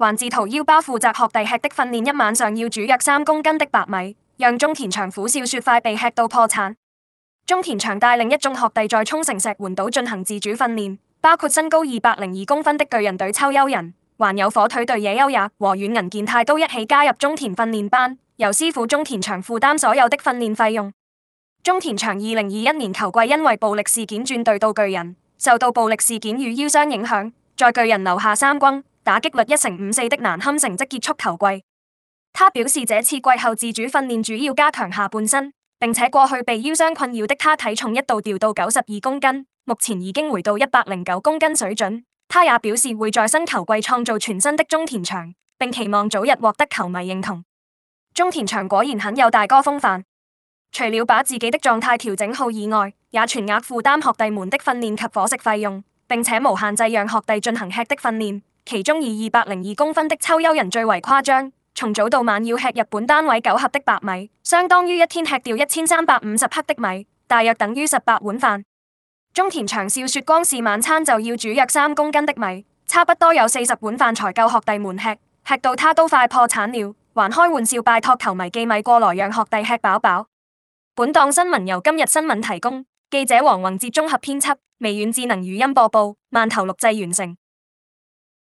還自掏腰包負責學弟吃的訓練，一晚上要煮約三公斤的白米，讓中田翔苦笑說快被吃到破產。中田翔帶領一眾學弟在沖繩石垣島進行自主訓練，包括身高二百零二公分的巨人隊秋優人，還有火腿隊野優也和軟銀健太都一起加入中田訓練班，由師傅中田翔負擔所有的訓練費用。中田翔二零二一年球季因為暴力事件轉隊到巨人，受到暴力事件與腰傷影響，在巨人留下三軍。打擊率一成五四的難堪成績結束球季，他表示這次季後自主訓練主要加強下半身，並且過去被腰傷困擾的他體重一度掉到九十二公斤，目前已經回到一百零九公斤水準。他也表示會在新球季創造全新的中田翔，並期望早日獲得球迷認同。中田翔果然很有大哥風範，除了把自己的狀態調整好以外，也全額負擔學弟們的訓練及伙食費用，並且無限制讓學弟進行吃的訓練。其中以二百零二公分的秋幽人最為誇張，從早到晚要吃日本單位九合的白米，相當於一天吃掉一千三百五十克的米，大約等於十八碗飯。中田翔苦笑說，光是晚餐就要煮約三公斤的米，差不多有四十碗飯才夠學弟們吃，吃到他都快破產了，還開玩笑拜託球迷寄米過來讓學弟吃飽飽。本檔新聞由今日新聞提供，記者王宏哲綜合編輯，微軟智能語音播報，饅頭錄製完成。